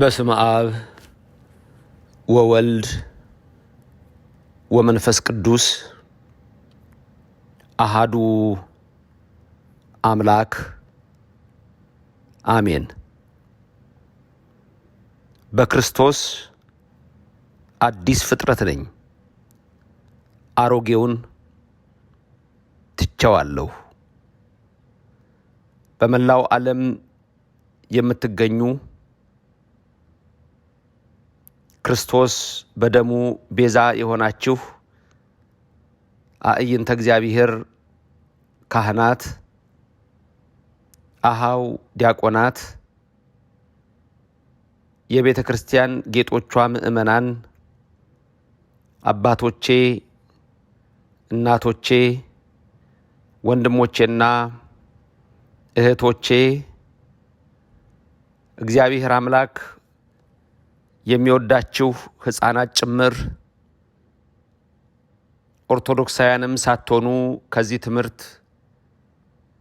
በስመ አብ ወወልድ ወመንፈስ ቅዱስ አሃዱ አምላክ አሜን። በክርስቶስ አዲስ ፍጥረት ነኝ፣ አሮጌውን ትቸዋለሁ። በመላው ዓለም የምትገኙ ክርስቶስ በደሙ ቤዛ የሆናችሁ አእይንተ እግዚአብሔር ካህናት፣ አሃው ዲያቆናት፣ የቤተ ክርስቲያን ጌጦቿ ምእመናን፣ አባቶቼ፣ እናቶቼ፣ ወንድሞቼና እህቶቼ እግዚአብሔር አምላክ የሚወዳችሁ ሕፃናት ጭምር ኦርቶዶክሳውያንም ሳትሆኑ ከዚህ ትምህርት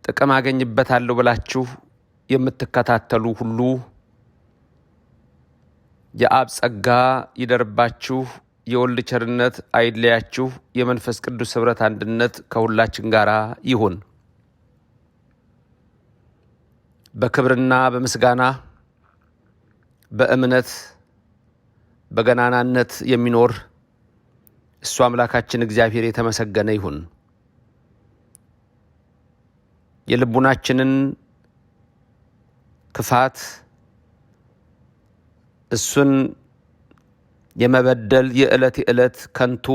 ጥቅም አገኝበታለሁ ብላችሁ የምትከታተሉ ሁሉ የአብ ጸጋ ይደርባችሁ፣ የወልድ ቸርነት አይለያችሁ፣ የመንፈስ ቅዱስ ኅብረት አንድነት ከሁላችን ጋር ይሁን። በክብርና በምስጋና በእምነት በገናናነት የሚኖር እሱ አምላካችን እግዚአብሔር የተመሰገነ ይሁን። የልቡናችንን ክፋት እሱን የመበደል የዕለት የዕለት ከንቱ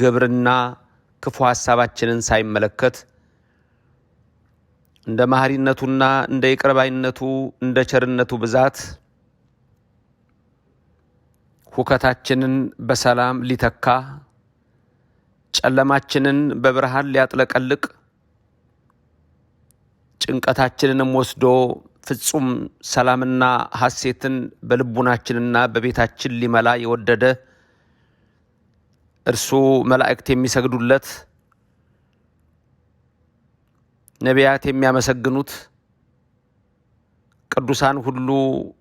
ግብርና ክፉ ሐሳባችንን ሳይመለከት እንደ መሐሪነቱና እንደ ይቅርባይነቱ እንደ ቸርነቱ ብዛት ሁከታችንን በሰላም ሊተካ ጨለማችንን በብርሃን ሊያጥለቀልቅ ጭንቀታችንንም ወስዶ ፍጹም ሰላምና ሐሴትን በልቡናችንና በቤታችን ሊመላ የወደደ እርሱ መላእክት የሚሰግዱለት ነቢያት የሚያመሰግኑት ቅዱሳን ሁሉ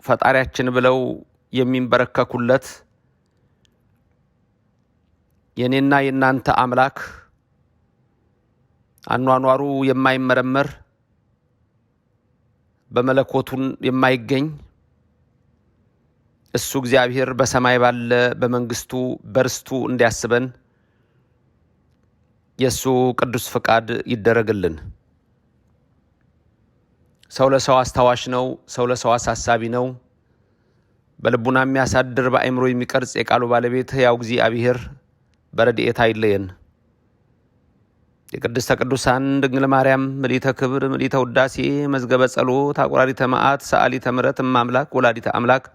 ፈጣሪያችን ብለው የሚንበረከኩለት የእኔና የእናንተ አምላክ አኗኗሩ የማይመረመር በመለኮቱን የማይገኝ እሱ እግዚአብሔር በሰማይ ባለ በመንግስቱ በርስቱ እንዲያስበን የእሱ ቅዱስ ፈቃድ ይደረግልን። ሰው ለሰው አስታዋሽ ነው። ሰው ለሰው አሳሳቢ ነው። በልቡና የሚያሳድር በአእምሮ የሚቀርጽ የቃሉ ባለቤት ሕያው እግዚአብሔር በረድኤት አይለየን። የቅድስተ ቅዱሳን ድንግል ማርያም ምሊተ ክብር ምሊተ ውዳሴ መዝገበ ጸሎት አቁራሪተ መዓት ሰአሊተ ምረት እማምላክ ወላዲተ አምላክ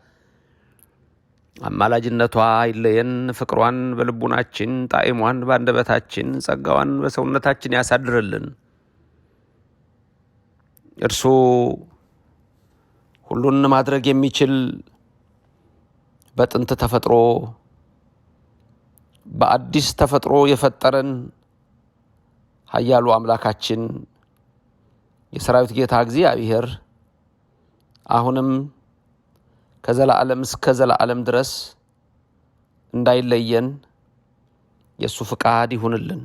አማላጅነቷ አይለየን። ፍቅሯን በልቡናችን ጣዕሟን በአንደበታችን ጸጋዋን በሰውነታችን ያሳድርልን። እርሱ ሁሉን ማድረግ የሚችል በጥንት ተፈጥሮ በአዲስ ተፈጥሮ የፈጠረን ኃያሉ አምላካችን የሰራዊት ጌታ እግዚአብሔር አሁንም ከዘላዓለም እስከ ዘላዓለም ድረስ እንዳይለየን የእሱ ፍቃድ ይሁንልን።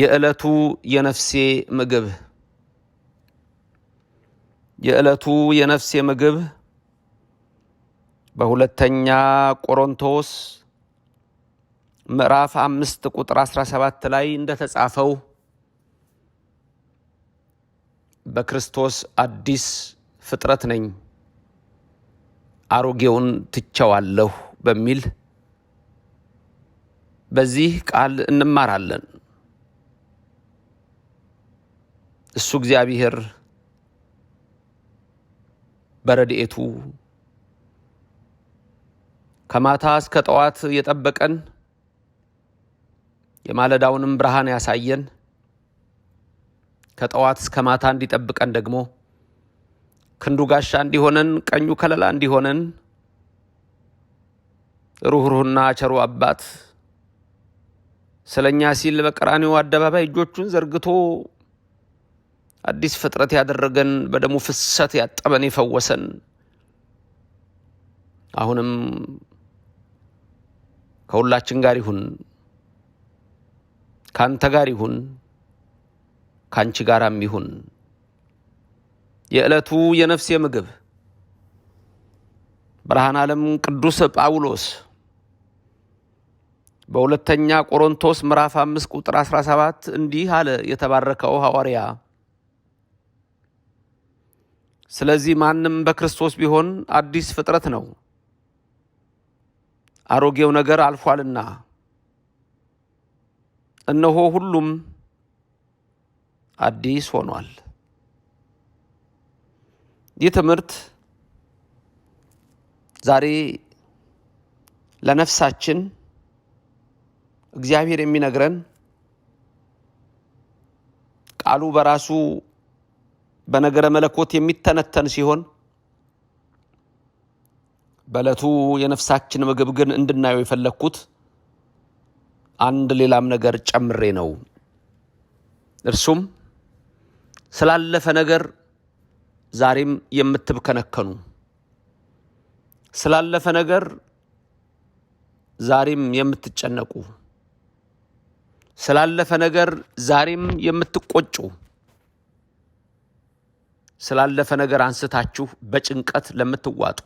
የዕለቱ የነፍሴ ምግብ የዕለቱ የነፍሴ ምግብ በሁለተኛ ቆሮንቶስ ምዕራፍ አምስት ቁጥር 17 ላይ እንደተጻፈው በክርስቶስ አዲስ ፍጥረት ነኝ፣ አሮጌውን ትቸዋለሁ በሚል በዚህ ቃል እንማራለን። እሱ እግዚአብሔር በረድኤቱ ከማታ እስከ ጠዋት የጠበቀን የማለዳውንም ብርሃን ያሳየን ከጠዋት እስከ ማታ እንዲጠብቀን ደግሞ ክንዱ ጋሻ እንዲሆነን ቀኙ ከለላ እንዲሆነን ሩኅሩህና ቸሩ አባት ስለ እኛ ሲል በቀራኒው አደባባይ እጆቹን ዘርግቶ አዲስ ፍጥረት ያደረገን በደሙ ፍሰት ያጠበን የፈወሰን አሁንም ከሁላችን ጋር ይሁን፣ ካንተ ጋር ይሁን፣ ካንቺ ጋራም ይሁን። የዕለቱ የነፍሴ ምግብ ብርሃን ዓለም ቅዱስ ጳውሎስ በሁለተኛ ቆሮንቶስ ምዕራፍ 5 ቁጥር 17 እንዲህ አለ የተባረከው ሐዋርያ። ስለዚህ ማንም በክርስቶስ ቢሆን አዲስ ፍጥረት ነው አሮጌው ነገር አልፏልና እነሆ ሁሉም አዲስ ሆኗል። ይህ ትምህርት ዛሬ ለነፍሳችን እግዚአብሔር የሚነግረን ቃሉ በራሱ በነገረ መለኮት የሚተነተን ሲሆን በዕለቱ የነፍሳችን ምግብ ግን እንድናየው የፈለግኩት አንድ ሌላም ነገር ጨምሬ ነው። እርሱም ስላለፈ ነገር ዛሬም የምትብከነከኑ፣ ስላለፈ ነገር ዛሬም የምትጨነቁ፣ ስላለፈ ነገር ዛሬም የምትቆጩ፣ ስላለፈ ነገር አንስታችሁ በጭንቀት ለምትዋጡ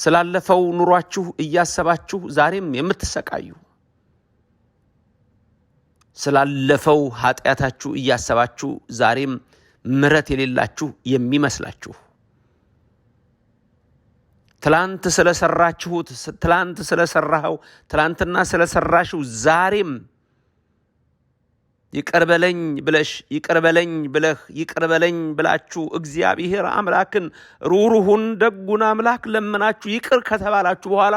ስላለፈው ኑሯችሁ እያሰባችሁ ዛሬም የምትሰቃዩ፣ ስላለፈው ኃጢአታችሁ እያሰባችሁ ዛሬም ምረት የሌላችሁ የሚመስላችሁ፣ ትላንት ስለሰራችሁት፣ ትላንት ስለሰራኸው፣ ትላንትና ስለሰራሽው ዛሬም ይቀርበለኝ ብለሽ ይቀርበለኝ ብለህ ይቀርበለኝ ብላችሁ እግዚአብሔር አምላክን ሩሩሁን ደጉን አምላክ ለምናችሁ ይቅር ከተባላችሁ በኋላ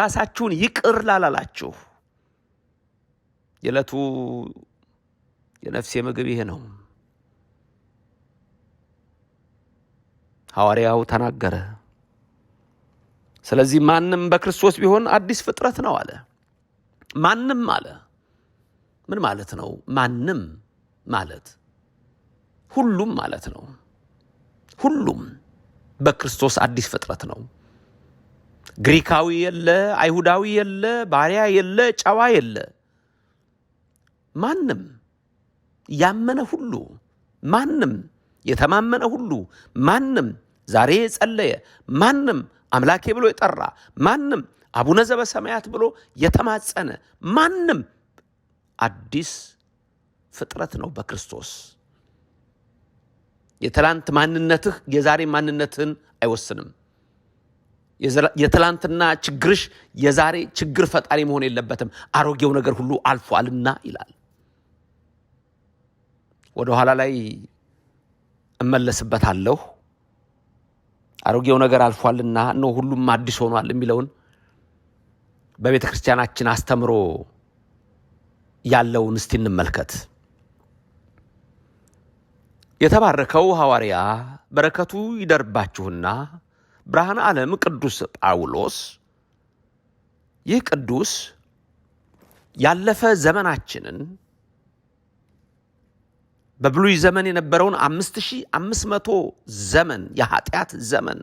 ራሳችሁን ይቅር ላላላችሁ የዕለቱ የነፍሴ ምግብ ይሄ ነው። ሐዋርያው ተናገረ። ስለዚህ ማንም በክርስቶስ ቢሆን አዲስ ፍጥረት ነው አለ። ማንም አለ ምን ማለት ነው? ማንም ማለት ሁሉም ማለት ነው። ሁሉም በክርስቶስ አዲስ ፍጥረት ነው። ግሪካዊ የለ፣ አይሁዳዊ የለ፣ ባሪያ የለ፣ ጨዋ የለ፣ ማንም ያመነ ሁሉ ማንም የተማመነ ሁሉ ማንም ዛሬ የጸለየ ማንም አምላኬ ብሎ የጠራ ማንም አቡነ ዘበሰማያት ብሎ የተማጸነ ማንም አዲስ ፍጥረት ነው በክርስቶስ። የትላንት ማንነትህ የዛሬ ማንነትህን አይወስንም። የትላንትና ችግርሽ የዛሬ ችግር ፈጣሪ መሆን የለበትም። አሮጌው ነገር ሁሉ አልፏልና ይላል። ወደ ኋላ ላይ እመለስበታለሁ። አሮጌው ነገር አልፏልና ነው ሁሉም አዲስ ሆኗል የሚለውን በቤተ ክርስቲያናችን አስተምሮ ያለውን እስቲ እንመልከት። የተባረከው ሐዋርያ በረከቱ ይደርባችሁና ብርሃን ዓለም ቅዱስ ጳውሎስ። ይህ ቅዱስ ያለፈ ዘመናችንን በብሉይ ዘመን የነበረውን አምስት ሺህ አምስት መቶ ዘመን የኃጢአት ዘመን፣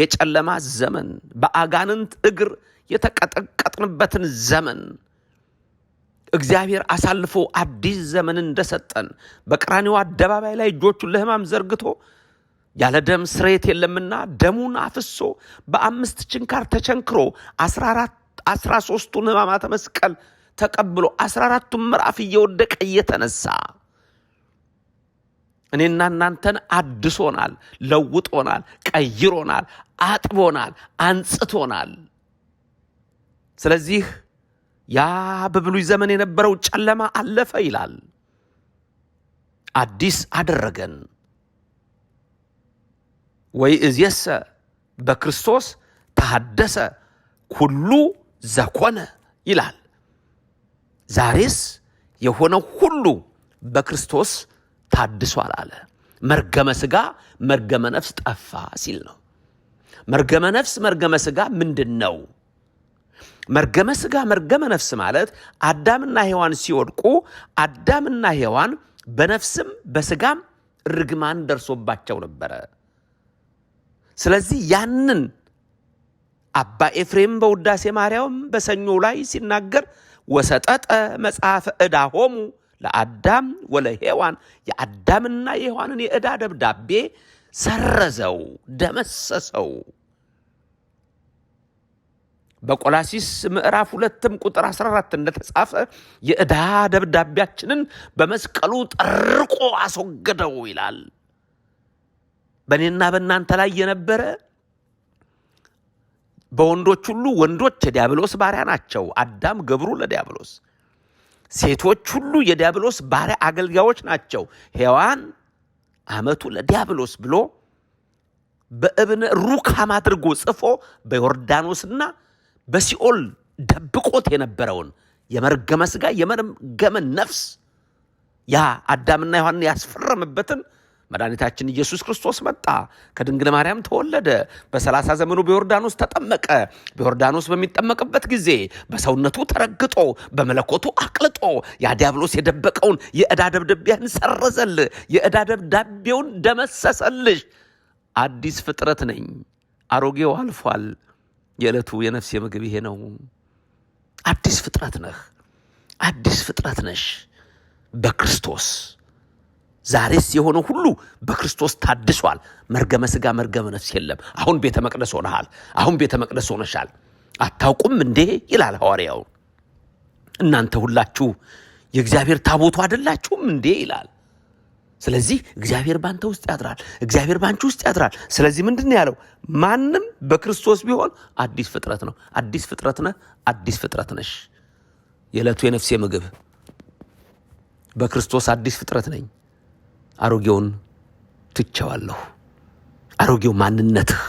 የጨለማ ዘመን፣ በአጋንንት እግር የተቀጠቀጥንበትን ዘመን እግዚአብሔር አሳልፎ አዲስ ዘመን እንደሰጠን በቀራኒው አደባባይ ላይ እጆቹን ለሕማም ዘርግቶ ያለ ደም ስርየት የለምና ደሙን አፍሶ በአምስት ችንካር ተቸንክሮ አስራ ሶስቱን ሕማማተ መስቀል ተቀብሎ አስራ አራቱን ምዕራፍ እየወደቀ እየተነሳ እኔና እናንተን አድሶናል፣ ለውጦናል፣ ቀይሮናል፣ አጥቦናል፣ አንጽቶናል። ስለዚህ ያ በብሉይ ዘመን የነበረው ጨለማ አለፈ ይላል። አዲስ አደረገን። ወይ እዝየሰ በክርስቶስ ተሐደሰ ኩሉ ዘኮነ ይላል። ዛሬስ የሆነው ሁሉ በክርስቶስ ታድሷል አለ። መርገመ ሥጋ መርገመ ነፍስ ጠፋ ሲል ነው። መርገመ ነፍስ መርገመ ሥጋ ምንድን ነው? መርገመ ስጋ መርገመ ነፍስ ማለት አዳምና ሔዋን ሲወድቁ አዳምና ሔዋን በነፍስም በስጋም ርግማን ደርሶባቸው ነበረ። ስለዚህ ያንን አባ ኤፍሬም በውዳሴ ማርያም በሰኞ ላይ ሲናገር ወሰጠጠ መጽሐፈ ዕዳ ሆሙ ለአዳም ወለሔዋን የአዳምና የሔዋንን የዕዳ ደብዳቤ ሰረዘው፣ ደመሰሰው። በቆላሲስ ምዕራፍ ሁለትም ቁጥር 14 እንደተጻፈ የዕዳ ደብዳቤያችንን በመስቀሉ ጠርቆ አስወገደው ይላል። በእኔና በእናንተ ላይ የነበረ በወንዶች ሁሉ ወንዶች የዲያብሎስ ባሪያ ናቸው፣ አዳም ገብሩ ለዲያብሎስ። ሴቶች ሁሉ የዲያብሎስ ባሪያ አገልጋዮች ናቸው፣ ሔዋን አመቱ ለዲያብሎስ ብሎ በእብነ ሩካም አድርጎ ጽፎ በዮርዳኖስና በሲኦል ደብቆት የነበረውን የመርገመ ስጋ የመርገመ ነፍስ ያ አዳምና ዮሐን ያስፈረምበትን መድኃኒታችን ኢየሱስ ክርስቶስ መጣ። ከድንግል ማርያም ተወለደ። በሰላሳ ዘመኑ በዮርዳኖስ ተጠመቀ። በዮርዳኖስ በሚጠመቅበት ጊዜ በሰውነቱ ተረግጦ በመለኮቱ አቅልጦ ያ ዲያብሎስ የደበቀውን የዕዳ ደብዳቤህን ሰረዘል፣ የዕዳ ደብዳቤውን ደመሰሰልሽ። አዲስ ፍጥረት ነኝ፣ አሮጌው አልፏል የዕለቱ የነፍሴ ምግብ ይሄ ነው። አዲስ ፍጥረት ነህ፣ አዲስ ፍጥረት ነሽ በክርስቶስ ዛሬስ የሆነ ሁሉ በክርስቶስ ታድሷል። መርገመ ሥጋ መርገመ ነፍስ የለም። አሁን ቤተ መቅደስ ሆነሃል። አሁን ቤተ መቅደስ ሆነሻል። አታውቁም እንዴ ይላል ሐዋርያው። እናንተ ሁላችሁ የእግዚአብሔር ታቦቱ አይደላችሁም እንዴ ይላል። ስለዚህ እግዚአብሔር ባንተ ውስጥ ያድራል፣ እግዚአብሔር ባንቺ ውስጥ ያድራል። ስለዚህ ምንድን ነው ያለው? ማንም በክርስቶስ ቢሆን አዲስ ፍጥረት ነው። አዲስ ፍጥረት ነህ፣ አዲስ ፍጥረት ነሽ። የዕለቱ የነፍሴ ምግብ በክርስቶስ አዲስ ፍጥረት ነኝ። አሮጌውን ትቸዋለሁ። አሮጌው ማንነትህ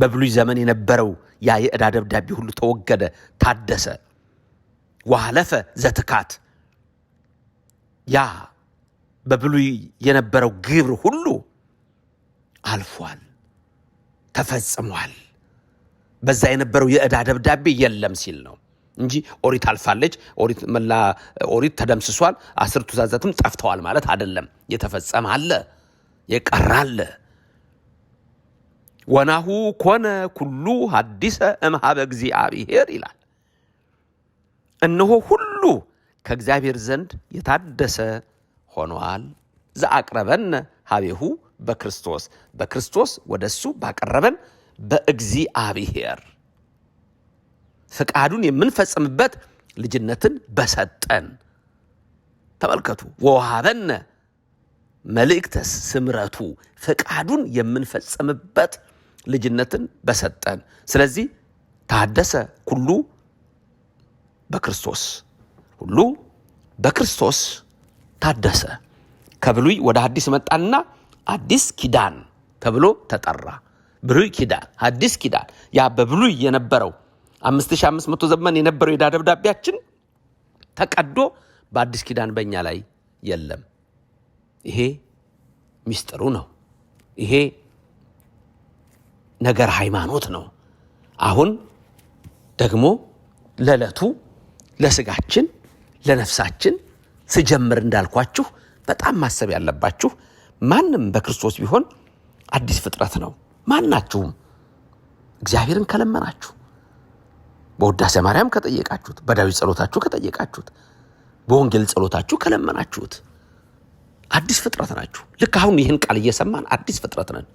በብሉይ ዘመን የነበረው ያ የዕዳ ደብዳቤ ሁሉ ተወገደ፣ ታደሰ። ዋህለፈ ዘትካት ያ በብሉይ የነበረው ግብር ሁሉ አልፏል፣ ተፈጽሟል። በዛ የነበረው የዕዳ ደብዳቤ የለም ሲል ነው እንጂ ኦሪት አልፋለች፣ ኦሪት መላ ኦሪት ተደምስሷል፣ አስርቱ ትእዛዛትም ጠፍተዋል ማለት አይደለም። የተፈጸመ አለ፣ የቀረ አለ። ወናሁ ኮነ ኩሉ ሀዲሰ እምሃበ እግዚአብሔር ይላል። እነሆ ሁሉ ከእግዚአብሔር ዘንድ የታደሰ ሆኗል። ዘአቅረበን ሀቤሁ በክርስቶስ በክርስቶስ ወደ እሱ ባቀረበን በእግዚአብሔር ፍቃዱን የምንፈጽምበት ልጅነትን በሰጠን። ተመልከቱ ወውሃበነ መልእክተ ስምረቱ ፍቃዱን የምንፈጽምበት ልጅነትን በሰጠን። ስለዚህ ታደሰ ኩሉ በክርስቶስ ሁሉ በክርስቶስ ታደሰ። ከብሉይ ወደ አዲስ መጣና አዲስ ኪዳን ተብሎ ተጠራ። ብሉይ ኪዳን፣ አዲስ ኪዳን። ያ በብሉይ የነበረው 5500 ዘመን የነበረው የዕዳ ደብዳቤያችን ተቀዶ በአዲስ ኪዳን በእኛ ላይ የለም። ይሄ ሚስጥሩ ነው። ይሄ ነገር ሃይማኖት ነው። አሁን ደግሞ ለዕለቱ ለስጋችን ለነፍሳችን ስጀምር እንዳልኳችሁ በጣም ማሰብ ያለባችሁ ማንም በክርስቶስ ቢሆን አዲስ ፍጥረት ነው። ማናችሁም እግዚአብሔርን ከለመናችሁ፣ በውዳሴ ማርያም ከጠየቃችሁት፣ በዳዊት ጸሎታችሁ ከጠየቃችሁት፣ በወንጌል ጸሎታችሁ ከለመናችሁት አዲስ ፍጥረት ናችሁ። ልክ አሁን ይህን ቃል እየሰማን አዲስ ፍጥረት ነን።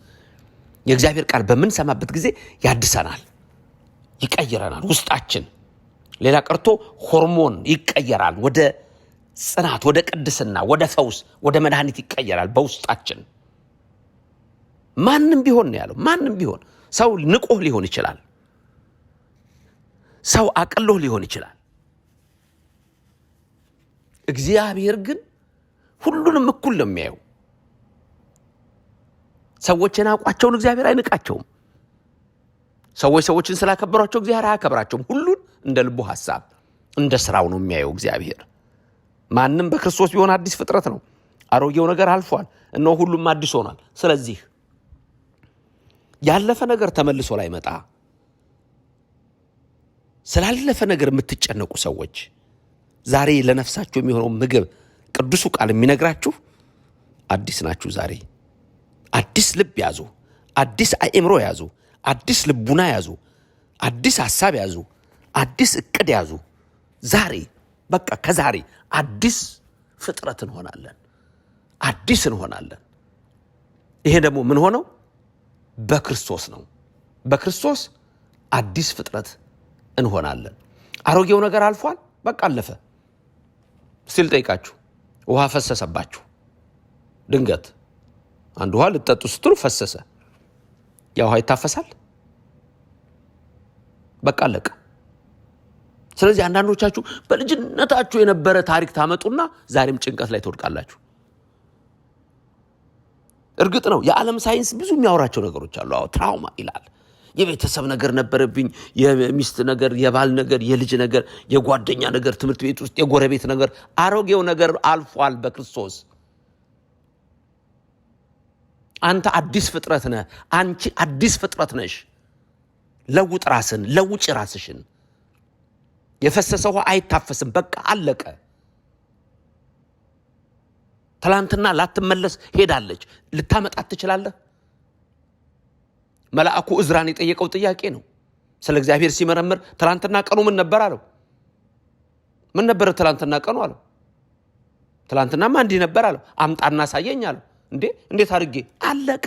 የእግዚአብሔር ቃል በምንሰማበት ጊዜ ያድሰናል፣ ይቀይረናል። ውስጣችን ሌላ ቀርቶ ሆርሞን ይቀየራል ወደ ጽናት፣ ወደ ቅድስና፣ ወደ ፈውስ፣ ወደ መድኃኒት ይቀየራል በውስጣችን። ማንም ቢሆን ነው ያለው። ማንም ቢሆን ሰው ንቆህ ሊሆን ይችላል። ሰው አቅሎህ ሊሆን ይችላል። እግዚአብሔር ግን ሁሉንም እኩል ነው የሚያየው። ሰዎች የናቋቸውን እግዚአብሔር አይንቃቸውም። ሰዎች ሰዎችን ስላከበሯቸው እግዚአብሔር አያከብራቸውም። ሁሉን እንደ ልቡ ሐሳብ እንደ ስራው ነው የሚያየው እግዚአብሔር። ማንም በክርስቶስ ቢሆን አዲስ ፍጥረት ነው፣ አሮጌው ነገር አልፏል፣ እነሆ ሁሉም አዲስ ሆኗል። ስለዚህ ያለፈ ነገር ተመልሶ ላይመጣ ስላለፈ ነገር የምትጨነቁ ሰዎች ዛሬ ለነፍሳችሁ የሚሆነው ምግብ ቅዱሱ ቃል የሚነግራችሁ አዲስ ናችሁ። ዛሬ አዲስ ልብ ያዙ፣ አዲስ አእምሮ ያዙ፣ አዲስ ልቡና ያዙ፣ አዲስ ሀሳብ ያዙ፣ አዲስ እቅድ ያዙ ዛሬ በቃ ከዛሬ አዲስ ፍጥረት እንሆናለን፣ አዲስ እንሆናለን። ይሄ ደግሞ ምን ሆነው በክርስቶስ ነው። በክርስቶስ አዲስ ፍጥረት እንሆናለን። አሮጌው ነገር አልፏል፣ በቃ አለፈ። እስቲ ልጠይቃችሁ፣ ውሃ ፈሰሰባችሁ ድንገት አንድ ውሃ ልጠጡ ስትሉ ፈሰሰ። ያ ውሃ ይታፈሳል? በቃ አለቀ። ስለዚህ አንዳንዶቻችሁ በልጅነታችሁ የነበረ ታሪክ ታመጡና ዛሬም ጭንቀት ላይ ትወድቃላችሁ። እርግጥ ነው የዓለም ሳይንስ ብዙ የሚያወራቸው ነገሮች አሉ። አዎ ትራውማ ይላል። የቤተሰብ ነገር ነበረብኝ፣ የሚስት ነገር፣ የባል ነገር፣ የልጅ ነገር፣ የጓደኛ ነገር፣ ትምህርት ቤት ውስጥ የጎረቤት ነገር፣ አሮጌው ነገር አልፏል በክርስቶስ አንተ አዲስ ፍጥረት ነህ። አንቺ አዲስ ፍጥረት ነሽ። ለውጥ ራስን፣ ለውጭ ራስሽን። የፈሰሰ ውሃ አይታፈስም። በቃ አለቀ። ትላንትና ላትመለስ ሄዳለች። ልታመጣት ትችላለህ? መልአኩ እዝራን የጠየቀው ጥያቄ ነው። ስለ እግዚአብሔር ሲመረምር ትላንትና ቀኑ ምን ነበር አለው። ምን ነበረ ትላንትና ቀኑ አለው። ትላንትናማ እንዲህ ነበር አለው። አምጣና አሳየኝ አለው። እንዴ እንዴት አድርጌ አለቀ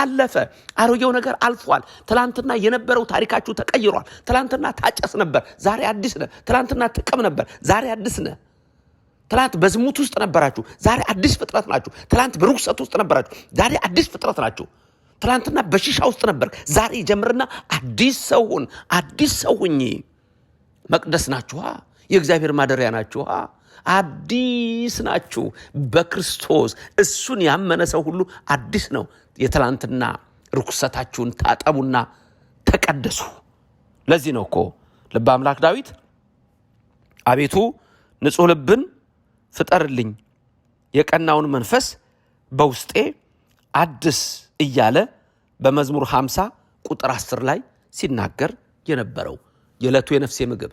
አለፈ። አሮጌው ነገር አልፏል። ትላንትና የነበረው ታሪካችሁ ተቀይሯል። ትላንትና ታጨስ ነበር፣ ዛሬ አዲስ ነ ትላንትና ትቅም ነበር፣ ዛሬ አዲስ ነ ትላንት በዝሙት ውስጥ ነበራችሁ፣ ዛሬ አዲስ ፍጥረት ናችሁ። ትላንት በርኩሰት ውስጥ ነበራችሁ፣ ዛሬ አዲስ ፍጥረት ናችሁ። ትላንትና በሽሻ ውስጥ ነበር፣ ዛሬ ጀምርና አዲስ ሰውን አዲስ ሰውኝ መቅደስ ናችኋ፣ የእግዚአብሔር ማደሪያ ናችኋ። አዲስ ናችሁ በክርስቶስ። እሱን ያመነ ሰው ሁሉ አዲስ ነው። የትላንትና ርኩሰታችሁን ታጠቡና ተቀደሱ። ለዚህ ነው እኮ ልበ አምላክ ዳዊት አቤቱ ንጹህ ልብን ፍጠርልኝ፣ የቀናውን መንፈስ በውስጤ አድስ እያለ በመዝሙር 50 ቁጥር 10 ላይ ሲናገር የነበረው የዕለቱ የነፍሴ ምግብ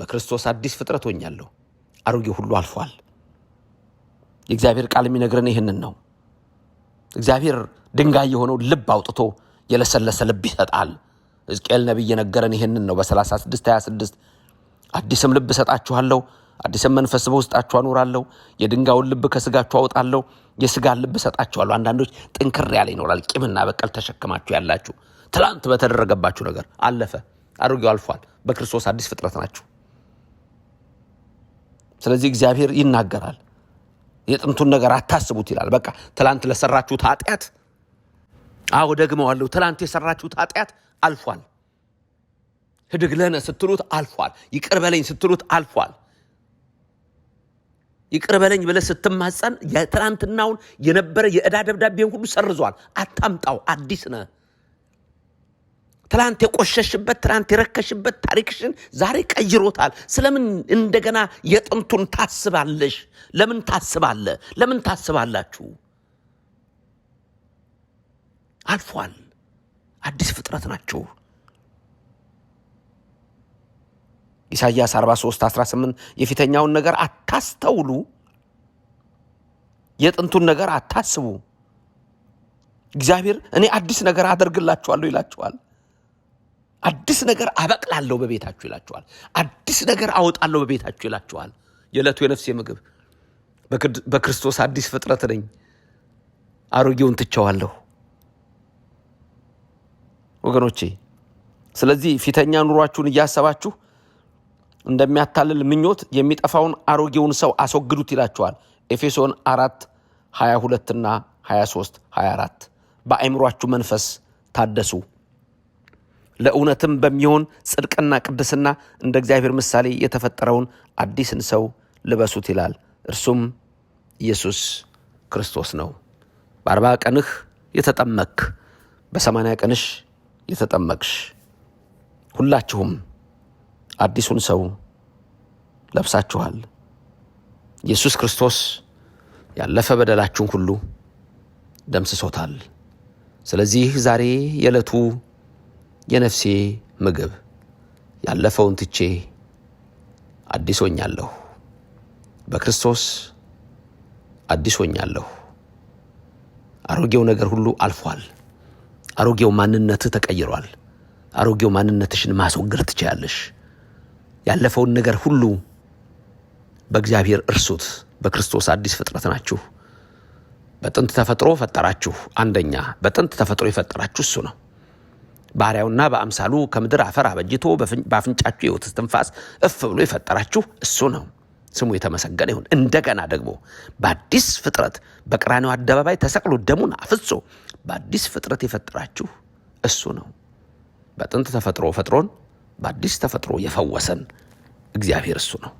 በክርስቶስ አዲስ ፍጥረት ሆኛለሁ። አሮጌ ሁሉ አልፏል። የእግዚአብሔር ቃል የሚነግረን ይህንን ነው። እግዚአብሔር ድንጋይ የሆነው ልብ አውጥቶ የለሰለሰ ልብ ይሰጣል። ሕዝቅኤል ነቢይ የነገረን ይህንን ነው በ36 26 አዲስም ልብ እሰጣችኋለሁ፣ አዲስም መንፈስ በውስጣችሁ አኖራለሁ፣ የድንጋዩን ልብ ከስጋችሁ አውጣለሁ፣ የስጋን ልብ እሰጣችኋለሁ። አንዳንዶች ጥንክር ያለ ይኖራል። ቂምና በቀል ተሸክማችሁ ያላችሁ ትላንት በተደረገባችሁ ነገር አለፈ፣ አሮጌው አልፏል። በክርስቶስ አዲስ ፍጥረት ናችሁ። ስለዚህ እግዚአብሔር ይናገራል። የጥንቱን ነገር አታስቡት ይላል። በቃ ትላንት ለሰራችሁት ኃጢአት፣ አዎ ደግመዋለሁ፣ ትላንት የሰራችሁት ኃጢአት አልፏል። ህድግ ለነ ስትሉት አልፏል። ይቅር በለኝ ስትሉት አልፏል። ይቅር በለኝ ብለህ ስትማጸን የትላንትናውን የነበረ የእዳ ደብዳቤን ሁሉ ሰርዟል። አታምጣው፣ አዲስ ነህ። ትላንት የቆሸሽበት ትላንት የረከሽበት ታሪክሽን ዛሬ ቀይሮታል። ስለምን እንደገና የጥንቱን ታስባለሽ? ለምን ታስባለ? ለምን ታስባላችሁ? አልፏል። አዲስ ፍጥረት ናችሁ። ኢሳይያስ 43 18 የፊተኛውን ነገር አታስተውሉ፣ የጥንቱን ነገር አታስቡ፣ እግዚአብሔር እኔ አዲስ ነገር አደርግላችኋለሁ ይላችኋል። አዲስ ነገር አበቅላለሁ በቤታችሁ ይላችኋል። አዲስ ነገር አወጣለሁ በቤታችሁ ይላችኋል። የዕለቱ የነፍሴ ምግብ በክርስቶስ አዲስ ፍጥረት ነኝ፣ አሮጌውን ትቸዋለሁ። ወገኖቼ ስለዚህ ፊተኛ ኑሯችሁን እያሰባችሁ እንደሚያታልል ምኞት የሚጠፋውን አሮጌውን ሰው አስወግዱት ይላችኋል። ኤፌሶን አራት 22 እና 23 24 በአእምሯችሁ መንፈስ ታደሱ ለእውነትም በሚሆን ጽድቅና ቅድስና እንደ እግዚአብሔር ምሳሌ የተፈጠረውን አዲስን ሰው ልበሱት ይላል። እርሱም ኢየሱስ ክርስቶስ ነው። በአርባ ቀንህ የተጠመክ በሰማንያ ቀንሽ የተጠመቅሽ ሁላችሁም አዲሱን ሰው ለብሳችኋል። ኢየሱስ ክርስቶስ ያለፈ በደላችሁን ሁሉ ደምስሶታል። ስለዚህ ዛሬ የዕለቱ የነፍሴ ምግብ ያለፈውን ትቼ አዲስ ሆኛለሁ። በክርስቶስ አዲስ ሆኛለሁ። አሮጌው ነገር ሁሉ አልፏል። አሮጌው ማንነትህ ተቀይሯል። አሮጌው ማንነትሽን ማስወገድ ትችያለሽ። ያለፈውን ነገር ሁሉ በእግዚአብሔር እርሱት። በክርስቶስ አዲስ ፍጥረት ናችሁ። በጥንት ተፈጥሮ ፈጠራችሁ። አንደኛ በጥንት ተፈጥሮ የፈጠራችሁ እሱ ነው። ባሪያውና በአምሳሉ ከምድር አፈር አበጅቶ በአፍንጫችሁ የሕይወት እስትንፋስ እፍ ብሎ የፈጠራችሁ እሱ ነው። ስሙ የተመሰገነ ይሁን። እንደገና ደግሞ በአዲስ ፍጥረት በቅራኔው አደባባይ ተሰቅሎ ደሙን አፍሶ በአዲስ ፍጥረት የፈጠራችሁ እሱ ነው። በጥንት ተፈጥሮ ፈጥሮን በአዲስ ተፈጥሮ የፈወሰን እግዚአብሔር እሱ ነው።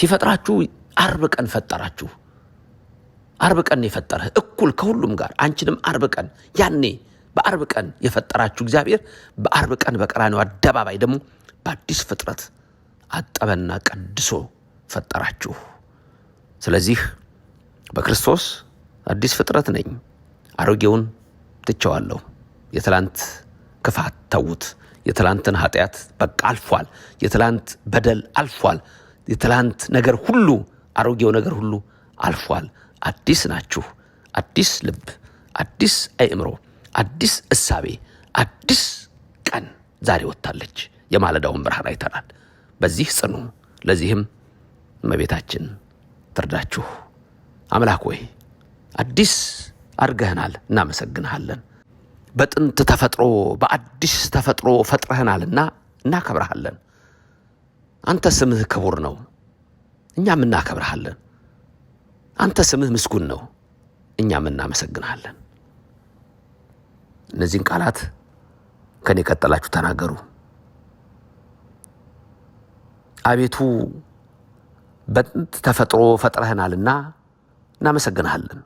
ሲፈጥራችሁ አርብ ቀን ፈጠራችሁ። አርብ ቀን የፈጠረህ እኩል ከሁሉም ጋር አንቺንም አርብ ቀን ያኔ በአርብ ቀን የፈጠራችሁ እግዚአብሔር በአርብ ቀን በቀራንዮ አደባባይ ደግሞ በአዲስ ፍጥረት አጠበና ቀድሶ ፈጠራችሁ። ስለዚህ በክርስቶስ አዲስ ፍጥረት ነኝ። አሮጌውን ትቸዋለሁ። የትላንት ክፋት ተዉት። የትላንትን ኃጢአት በቃ አልፏል። የትላንት በደል አልፏል። የትላንት ነገር ሁሉ አሮጌው ነገር ሁሉ አልፏል። አዲስ ናችሁ። አዲስ ልብ፣ አዲስ አእምሮ አዲስ እሳቤ፣ አዲስ ቀን ዛሬ ወጥታለች። የማለዳውን ብርሃን አይተናል። በዚህ ጽኑ፣ ለዚህም እመቤታችን ትርዳችሁ። አምላክ ሆይ አዲስ አድርገህናል፣ እናመሰግንሃለን። በጥንት ተፈጥሮ በአዲስ ተፈጥሮ ፈጥረህናልና እናከብረሃለን። አንተ ስምህ ክቡር ነው፣ እኛም እናከብረሃለን። አንተ ስምህ ምስጉን ነው፣ እኛም እናመሰግንሃለን። እነዚህን ቃላት ከኔ ቀጠላችሁ ተናገሩ። አቤቱ በጥንት ተፈጥሮ ፈጥረህናልና እናመሰግንሃለን።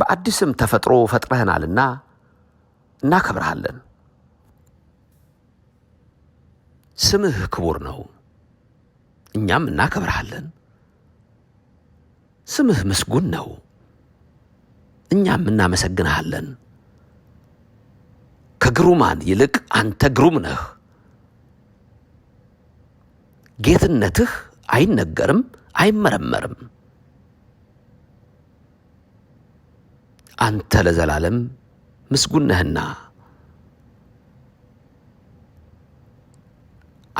በአዲስም ተፈጥሮ ፈጥረህናልና እናከብረሃለን። ስምህ ክቡር ነው፣ እኛም እናከብረሃለን። ስምህ ምስጉን ነው፣ እኛም እናመሰግንሃለን። ከግሩማን ይልቅ አንተ ግሩም ነህ። ጌትነትህ አይነገርም፣ አይመረመርም። አንተ ለዘላለም ምስጉን ነህና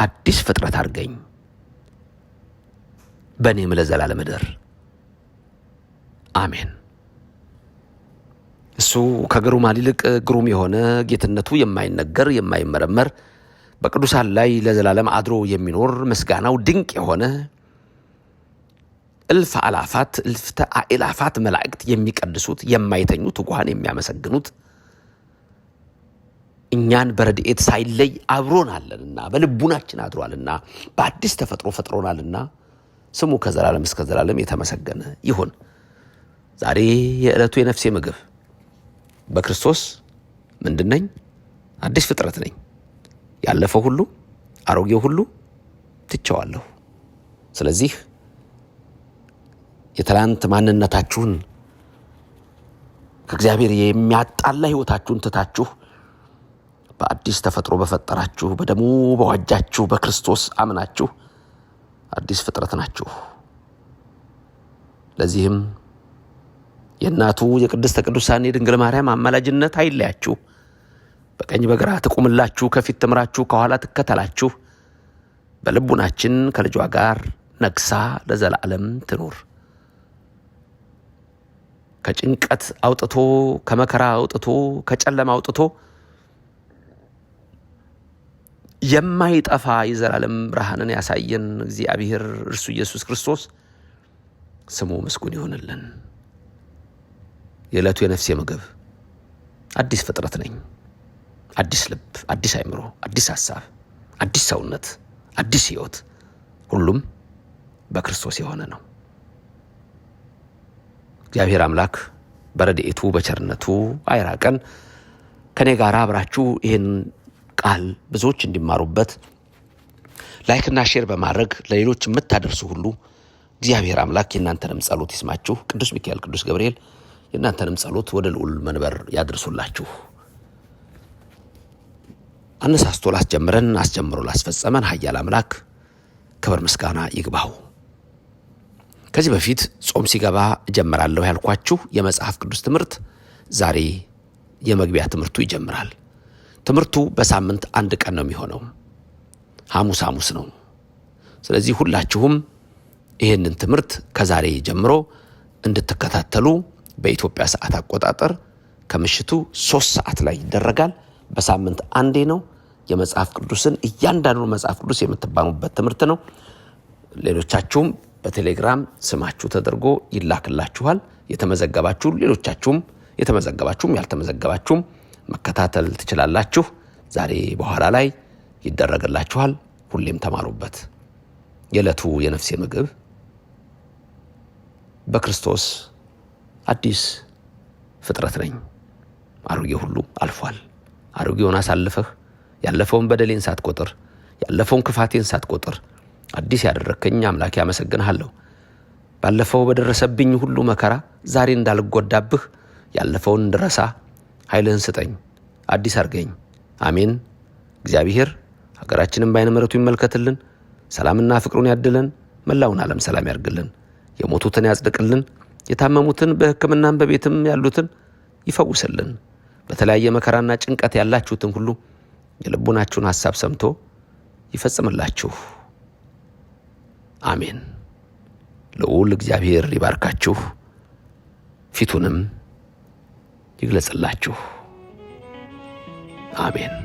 አዲስ ፍጥረት አድርገኝ፣ በእኔም ለዘላለም እደር። አሜን። እሱ ከግሩማን ይልቅ ግሩም የሆነ ጌትነቱ የማይነገር የማይመረመር በቅዱሳን ላይ ለዘላለም አድሮ የሚኖር ምስጋናው ድንቅ የሆነ እልፍ አላፋት እልፍተ አእላፋት መላእክት የሚቀድሱት የማይተኙ ትጉሃን የሚያመሰግኑት እኛን በረድኤት ሳይለይ አብሮናለንና በልቡናችን አድሯልና በአዲስ ተፈጥሮ ፈጥሮናልና ስሙ ከዘላለም እስከ ዘላለም የተመሰገነ ይሁን። ዛሬ የዕለቱ የነፍሴ ምግብ በክርስቶስ ምንድን ነኝ? አዲስ ፍጥረት ነኝ። ያለፈው ሁሉ አሮጌው ሁሉ ትቸዋለሁ። ስለዚህ የትላንት ማንነታችሁን ከእግዚአብሔር የሚያጣላ ሕይወታችሁን ትታችሁ በአዲስ ተፈጥሮ በፈጠራችሁ በደሙ በዋጃችሁ በክርስቶስ አምናችሁ አዲስ ፍጥረት ናችሁ። ለዚህም የእናቱ የቅድስተ ቅዱሳን የድንግል ማርያም አማላጅነት አይለያችሁ። በቀኝ በግራ ትቁምላችሁ፣ ከፊት ትምራችሁ፣ ከኋላ ትከተላችሁ። በልቡናችን ከልጇ ጋር ነግሳ ለዘላለም ትኑር። ከጭንቀት አውጥቶ ከመከራ አውጥቶ ከጨለማ አውጥቶ የማይጠፋ የዘላለም ብርሃንን ያሳየን እግዚአብሔር እርሱ ኢየሱስ ክርስቶስ ስሙ ምስጉን ይሆንልን። የዕለቱ የነፍሴ ምግብ አዲስ ፍጥረት ነኝ። አዲስ ልብ፣ አዲስ አይምሮ፣ አዲስ ሐሳብ፣ አዲስ ሰውነት፣ አዲስ ሕይወት፣ ሁሉም በክርስቶስ የሆነ ነው። እግዚአብሔር አምላክ በረድኤቱ በቸርነቱ አይራቀን። ከእኔ ጋር አብራችሁ ይህን ቃል ብዙዎች እንዲማሩበት ላይክና ሼር በማድረግ ለሌሎች የምታደርሱ ሁሉ እግዚአብሔር አምላክ የእናንተንም ጸሎት ይስማችሁ። ቅዱስ ሚካኤል፣ ቅዱስ ገብርኤል የእናንተንም ጸሎት ወደ ልዑል መንበር ያድርሱላችሁ። አነሳስቶ ላስጀምረን አስጀምሮ ላስፈጸመን ኃያል አምላክ ክብር ምስጋና ይግባው። ከዚህ በፊት ጾም ሲገባ እጀምራለሁ ያልኳችሁ የመጽሐፍ ቅዱስ ትምህርት ዛሬ የመግቢያ ትምህርቱ ይጀምራል። ትምህርቱ በሳምንት አንድ ቀን ነው የሚሆነው፣ ሐሙስ ሐሙስ ነው። ስለዚህ ሁላችሁም ይህንን ትምህርት ከዛሬ ጀምሮ እንድትከታተሉ በኢትዮጵያ ሰዓት አቆጣጠር ከምሽቱ ሶስት ሰዓት ላይ ይደረጋል። በሳምንት አንዴ ነው። የመጽሐፍ ቅዱስን እያንዳንዱ መጽሐፍ ቅዱስ የምትባሙበት ትምህርት ነው። ሌሎቻችሁም በቴሌግራም ስማችሁ ተደርጎ ይላክላችኋል። የተመዘገባችሁ ሌሎቻችሁም የተመዘገባችሁም ያልተመዘገባችሁም መከታተል ትችላላችሁ። ዛሬ በኋላ ላይ ይደረግላችኋል። ሁሌም ተማሩበት። የዕለቱ የነፍሴ ምግብ በክርስቶስ አዲስ ፍጥረት ነኝ። አሮጌ ሁሉ አልፏል። አሮጌውን አሳልፈህ ያለፈውን በደሌን ሳትቆጥር ያለፈውን ክፋቴን ሳትቆጥር አዲስ ያደረግከኝ አምላኬ አመሰግንሃለሁ። ባለፈው በደረሰብኝ ሁሉ መከራ ዛሬ እንዳልጎዳብህ ያለፈውን እንድረሳ ኃይልህን ስጠኝ፣ አዲስ አርገኝ። አሜን። እግዚአብሔር ሀገራችንን በዓይነ ምሕረቱ ይመልከትልን፣ ሰላምና ፍቅሩን ያድለን፣ መላውን ዓለም ሰላም ያርግልን፣ የሞቱትን ያጽድቅልን የታመሙትን በሕክምናም በቤትም ያሉትን ይፈውስልን። በተለያየ መከራና ጭንቀት ያላችሁትን ሁሉ የልቡናችሁን ሐሳብ ሰምቶ ይፈጽምላችሁ። አሜን። ልዑል እግዚአብሔር ይባርካችሁ፣ ፊቱንም ይግለጽላችሁ። አሜን።